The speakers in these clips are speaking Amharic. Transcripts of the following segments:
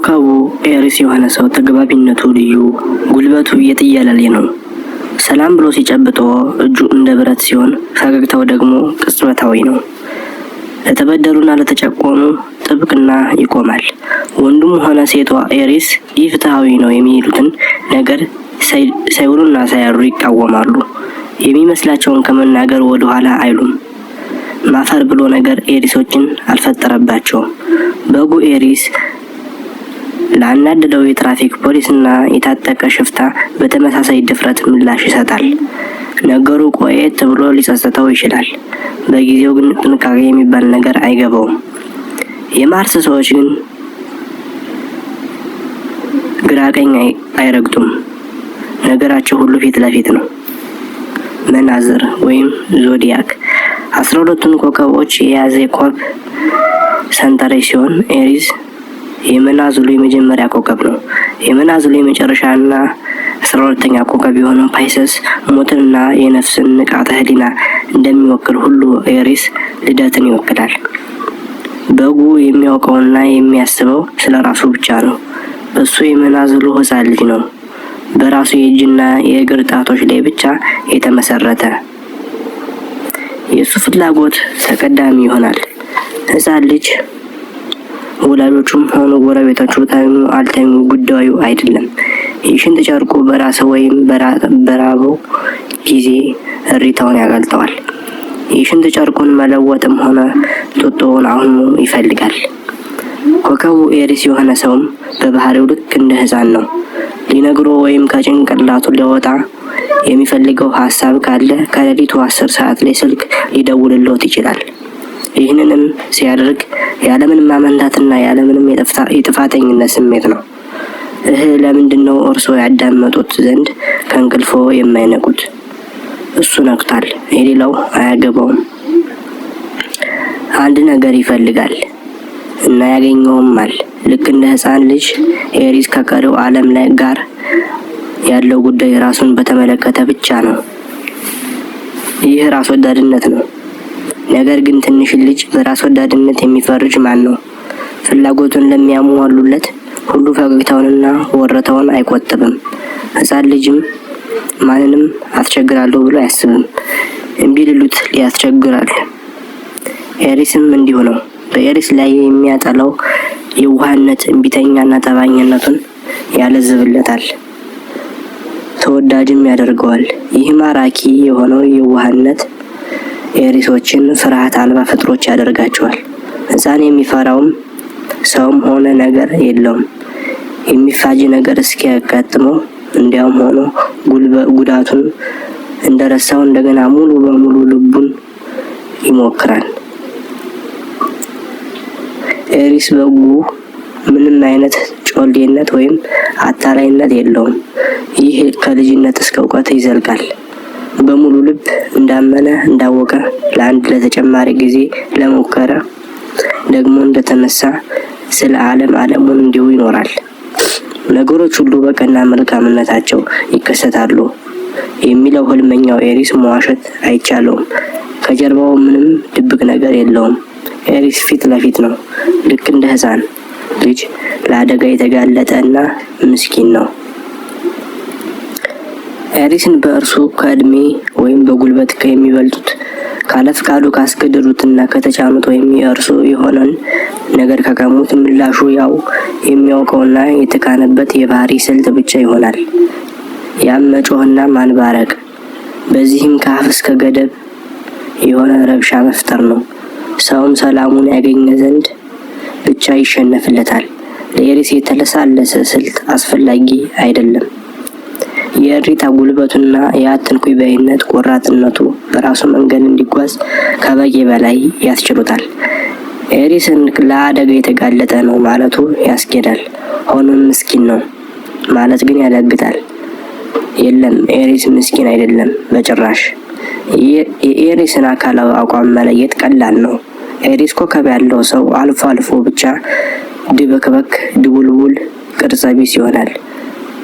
ኮከቡ ኤሪስ የሆነ ሰው ተግባቢነቱ ልዩ፣ ጉልበቱ የትየለሌ ነው። ሰላም ብሎ ሲጨብጦ እጁ እንደ ብረት ሲሆን፣ ፈገግታው ደግሞ ቅጽበታዊ ነው። ለተበደሉና ለተጨቆኑ ጥብቅና ይቆማል። ወንዱም ሆነ ሴቷ ኤሪስ ይህ ፍትሐዊ ነው የሚሄዱትን ነገር ሳይውሉና ሳያሩ ይቃወማሉ። የሚመስላቸውን ከመናገር ወደ ኋላ አይሉም። ማፈር ብሎ ነገር ኤሪሶችን አልፈጠረባቸውም። በጉ ኤሪስ ላናደደው የትራፊክ ፖሊስና የታጠቀ ሽፍታ በተመሳሳይ ድፍረት ምላሽ ይሰጣል። ነገሩ ቆየት ብሎ ሊጸጸተው ይችላል። በጊዜው ግን ጥንቃቄ የሚባል ነገር አይገባውም። የማርስ ሰዎች ግን ግራቀኝ አይረግጡም። ነገራቸው ሁሉ ፊት ለፊት ነው። መናዝር ወይም ዞዲያክ አስራ ሁለቱን ኮከቦች የያዘ የኮከብ ሰንጠረዥ ሲሆን ኤሪዝ የመናዝሉ የመጀመሪያ ኮከብ ነው። የመናዝሉ የመጨረሻና አስራ ሁለተኛ ኮከብ የሆነው ፓይሰስ ሞትንና የነፍስን ንቃተ ህሊና እንደሚወክል ሁሉ ኤሪስ ልደትን ይወክላል። በጉ የሚያውቀውና የሚያስበው ስለ ራሱ ብቻ ነው። እሱ የመናዝሉ ህፃን ልጅ ነው፣ በራሱ የእጅና የእግር ጣቶች ላይ ብቻ የተመሰረተ። የእሱ ፍላጎት ተቀዳሚ ይሆናል። ህፃን ልጅ ወላጆቹም ሆኑ ጎረቤቶቹ ተኙ አልተኙ ጉዳዩ አይደለም። የሽንት ጨርቁ በራሰ ወይም በራበው ጊዜ እሪታውን ያጋልጠዋል። የሽንት ጨርቁን መለወጥም ሆነ ጡጦውን አሁኑ ይፈልጋል። ኮከቡ ኤሪስ የሆነ ሰውም በባህሪው ልክ እንደ ህፃን ነው። ሊነግሮ ወይም ከጭንቅላቱ ሊወጣ የሚፈልገው ሀሳብ ካለ ከሌሊቱ አስር ሰዓት ላይ ስልክ ሊደውልሎት ይችላል። ይህንንም ሲያደርግ ያለምንም ማመንታትና ያለምንም የጥፋተኝነት ስሜት ነው። እህ ለምንድን ነው እርስዎ ያዳመጡት ዘንድ ከእንቅልፎ የማይነቁት? እሱ ነቅቷል፣ የሌላው አያገባውም። አንድ ነገር ይፈልጋል እና ያገኘውማል። ልክ እንደ ሕፃን ልጅ ኤሪስ ከቀሪው ዓለም ላይ ጋር ያለው ጉዳይ ራሱን በተመለከተ ብቻ ነው። ይህ ራስ ወዳድነት ነው። ነገር ግን ትንሽን ልጅ በራስ ወዳድነት የሚፈርጅ ማን ነው? ፍላጎቱን ለሚያሟሉለት ሁሉ ፈገግታውንና ወረታውን አይቆጥብም። ህፃን ልጅም ማንንም አስቸግራለሁ ብሎ አያስብም። እምቢ ሊያስቸግራል። ኤሪስም እንዲሁ ነው። በኤሪስ ላይ የሚያጠላው የዋህነት እምቢተኛና ጠባኝነቱን ያለዝብለታል፣ ተወዳጅም ያደርገዋል። ይህ ማራኪ የሆነው የዋህነት ኤሪሶችን ፍርሃት አልባ ፍጥሮች ያደርጋቸዋል። ሕፃን የሚፈራውም ሰውም ሆነ ነገር የለውም። የሚፋጅ ነገር እስኪያጋጥመው እንዲያውም ሆኖ ጉዳቱን እንደረሳው እንደገና ሙሉ በሙሉ ልቡን ይሞክራል። ኤሪስ በጉ ምንም አይነት ጮሌነት ወይም አታላይነት የለውም። ይህ ከልጅነት እስከ እውቀት ይዘልቃል። በሙሉ ልብ እንዳመነ እንዳወቀ ለአንድ ለተጨማሪ ጊዜ ለሞከረ ደግሞ እንደተነሳ ስለ ዓለም ዓለሙን እንዲሁ ይኖራል። ነገሮች ሁሉ በቀና መልካምነታቸው ይከሰታሉ የሚለው ህልመኛው ኤሪስ መዋሸት አይቻለውም። ከጀርባው ምንም ድብቅ ነገር የለውም። ኤሪስ ፊት ለፊት ነው። ልክ እንደ ህፃን ልጅ ለአደጋ የተጋለጠ እና ምስኪን ነው። ኤሪክስን በእርሱ ከእድሜ ወይም በጉልበት ከሚበልጡት ካለ ፍቃዱ ካስገደዱትና ከተጫኑት ወይም የእርሱ የሆነን ነገር ከቀሙት ምላሹ ያው የሚያውቀውና የተካነበት የባህሪ ስልት ብቻ ይሆናል። ያም መጮህና ማንባረቅ፣ በዚህም ከአፍ እስከ ገደብ የሆነ ረብሻ መፍጠር ነው። ሰውም ሰላሙን ያገኘ ዘንድ ብቻ ይሸነፍለታል። ለኤሪስ የተለሳለሰ ስልት አስፈላጊ አይደለም። የእሪታ ጉልበቱና የአትንኩኝ ባይነት ቆራጥነቱ በራሱ መንገድ እንዲጓዝ ከበቂ በላይ ያስችሉታል። ኤሪስን ለአደጋ የተጋለጠ ነው ማለቱ ያስኬዳል። ሆኖም ምስኪን ነው ማለት ግን ያዳግታል። የለም ኤሪስ ምስኪን አይደለም በጭራሽ። የኤሪስን አካላዊ አቋም መለየት ቀላል ነው። ኤሪስ ኮከብ ያለው ሰው አልፎ አልፎ ብቻ ድበክበክ፣ ድቡልቡል፣ ቅርጸቢስ ይሆናል።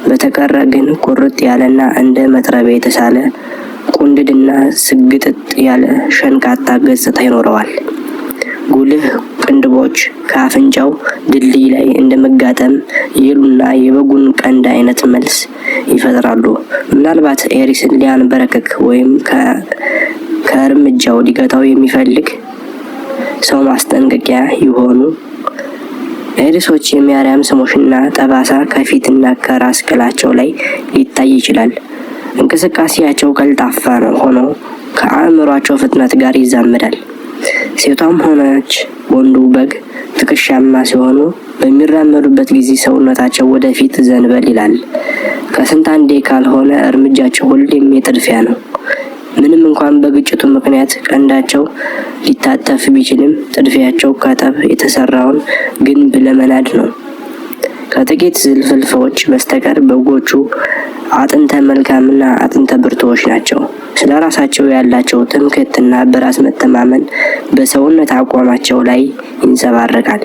በተቀረ ግን ቁርጥ ያለና እንደ መጥረቢያ የተሳለ ቁንድድና ስግጥጥ ያለ ሸንቃጣ ገጽታ ይኖረዋል። ጉልህ ቅንድቦች ከአፍንጫው ድልድይ ላይ እንደ መጋጠም የሉና የበጉን ቀንድ አይነት መልስ ይፈጥራሉ። ምናልባት ኤሪስን ሊያንበረከክ ወይም ከእርምጃው ሊገታው የሚፈልግ ሰው ማስጠንቀቂያ ይሆኑ እርሶች የማርያም ስሞችና ጠባሳ ከፊትና ከራስ ቅላቸው ላይ ሊታይ ይችላል። እንቅስቃሴያቸው ቀልጣፋ ነው ሆኖ ከአእምሯቸው ፍጥነት ጋር ይዛመዳል። ሴቷም ሆነች ወንዱ በግ ትከሻማ ሲሆኑ በሚራመዱበት ጊዜ ሰውነታቸው ወደፊት ዘንበል ይላል። ከስንት አንዴ ካልሆነ እርምጃቸው ሁሌም የጥድፊያ ነው። ምንም እንኳን በግጭቱ ምክንያት ቀንዳቸው ሊታጠፍ ቢችልም ጥድፊያቸው ከጠብ የተሰራውን ግንብ ለመናድ ነው። ከጥቂት ዝልፍልፎች በስተቀር በጎቹ አጥንተ መልካምና አጥንተ ብርቶዎች ናቸው። ስለ ራሳቸው ያላቸው ትምክህትና በራስ መተማመን በሰውነት አቋማቸው ላይ ይንጸባረቃል።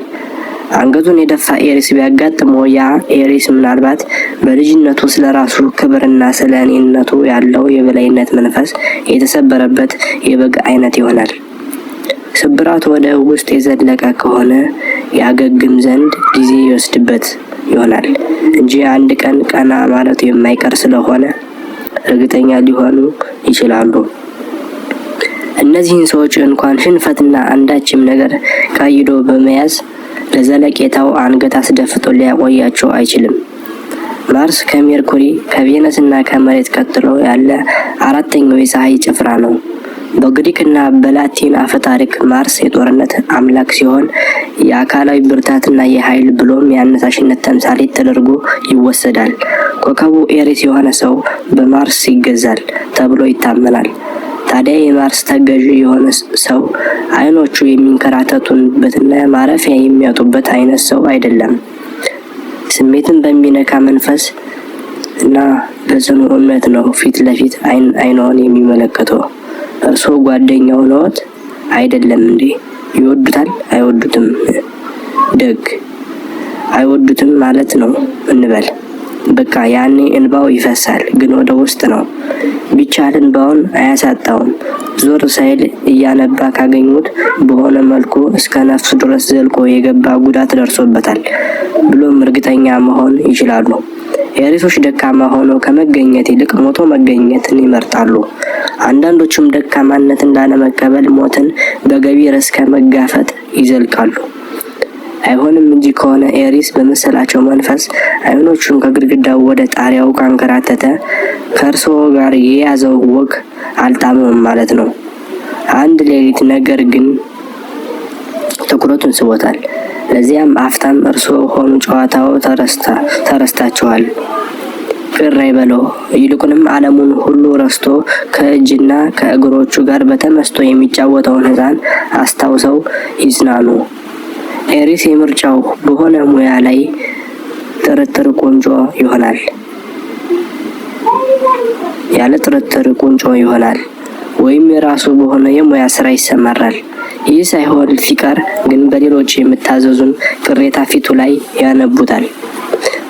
አንገቱን የደፋ ኤሪስ ቢያጋጥመው ያ ኤሪስ ምናልባት በልጅነቱ ስለ ራሱ ክብርና ስለ እኔነቱ ያለው የበላይነት መንፈስ የተሰበረበት የበግ አይነት ይሆናል። ስብራት ወደ ውስጥ የዘለቀ ከሆነ ያገግም ዘንድ ጊዜ ይወስድበት ይሆናል እንጂ አንድ ቀን ቀና ማለቱ የማይቀር ስለሆነ እርግጠኛ ሊሆኑ ይችላሉ። እነዚህን ሰዎች እንኳን ሽንፈትና አንዳችም ነገር ቀይዶ በመያዝ ለዘለቄታው አንገት አስደፍቶ ሊያቆያቸው አይችልም። ማርስ ከሜርኩሪ ከቬነስና ከመሬት ቀጥሎ ያለ አራተኛው የፀሐይ ጭፍራ ነው። በግሪክና በላቲን አፈ ታሪክ ማርስ የጦርነት አምላክ ሲሆን የአካላዊ ብርታትና የኃይል ብሎም የአነሳሽነት ተምሳሌት ተደርጎ ይወሰዳል። ኮከቡ ኤሪስ የሆነ ሰው በማርስ ይገዛል ተብሎ ይታመናል። ታዲያ የማርስ ተገዢ የሆነ ሰው አይኖቹ የሚንከራተቱበትና ማረፊያ የሚያጡበት አይነት ሰው አይደለም። ስሜትን በሚነካ መንፈስ እና በጽኑ እምነት ነው ፊት ለፊት አይኖን የሚመለከተው። እርሶ ጓደኛው ነዎት አይደለም እንዴ? ይወዱታል አይወዱትም? ደግ አይወዱትም ማለት ነው እንበል። በቃ ያኔ እንባው ይፈሳል፣ ግን ወደ ውስጥ ነው። ቢቻል እንባውን አያሳጣውም። ዞር ሳይል እያነባ ካገኙት በሆነ መልኩ እስከ ነፍሱ ድረስ ዘልቆ የገባ ጉዳት ደርሶበታል ብሎም እርግጠኛ መሆን ይችላሉ። የሪሶች ደካማ ሆነው ከመገኘት ይልቅ ሞቶ መገኘትን ይመርጣሉ። አንዳንዶቹም ደካማነት እንዳለመቀበል ሞትን በገቢ እስከ መጋፈጥ ይዘልቃሉ። አይሆንም እንጂ ከሆነ ኤሪስ በመሰላቸው መንፈስ አይኖቹን ከግድግዳው ወደ ጣሪያው ካንከራተተ ከእርስዎ ጋር የያዘው ወግ አልጣመም ማለት ነው። አንድ ሌሊት ነገር ግን ትኩረቱን ስቦታል። በዚያም አፍታም እርስዎ ሆኑ ጨዋታው ተረስታቸዋል፤ ቅር አይበለው። ይልቁንም ዓለሙን ሁሉ ረስቶ ከእጅና ከእግሮቹ ጋር በተመስጦ የሚጫወተውን ሕፃን አስታውሰው ይዝናኑ። ኤሪስ የምርጫው በሆነ ሙያ ላይ ጥርጥር ቁንጮ ይሆናል፣ ያለ ጥርጥር ቁንጮ ይሆናል። ወይም የራሱ በሆነ የሙያ ስራ ይሰማራል። ይህ ሳይሆን ሲቀር ግን በሌሎች የምታዘዙን ቅሬታ ፊቱ ላይ ያነቡታል።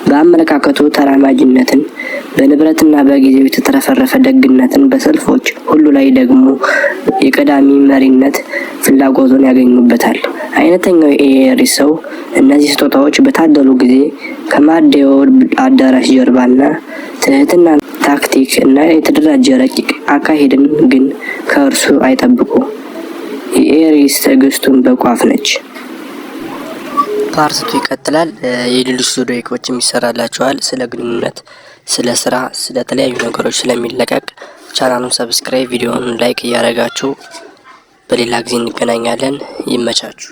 በአመለካከቱ ተራማጅነትን፣ በንብረትና በጊዜው የተትረፈረፈ ደግነትን፣ በሰልፎች ሁሉ ላይ ደግሞ የቀዳሚ መሪነት ፍላጎቱን ያገኙበታል። አይነተኛው የኤሪ ሰው እነዚህ ስጦታዎች በታደሉ ጊዜ ከማደዮ አዳራሽ ጀርባና ትህትና ታክቲክ እና የተደራጀ ረቂቅ አካሄድን ግን ከእርሱ አይጠብቁ። ኤሪስ ትዕግስቱን በቋፍ ነች። ፓርቱ ይቀጥላል። የሌሎች ዙሪያዎችም ይሰራላችኋል። ስለ ግንኙነት፣ ስለ ስራ፣ ስለ ተለያዩ ነገሮች ስለሚለቀቅ ቻናሉን ሰብስክራይብ፣ ቪዲዮውን ላይክ እያደረጋችሁ በሌላ ጊዜ እንገናኛለን። ይመቻችሁ።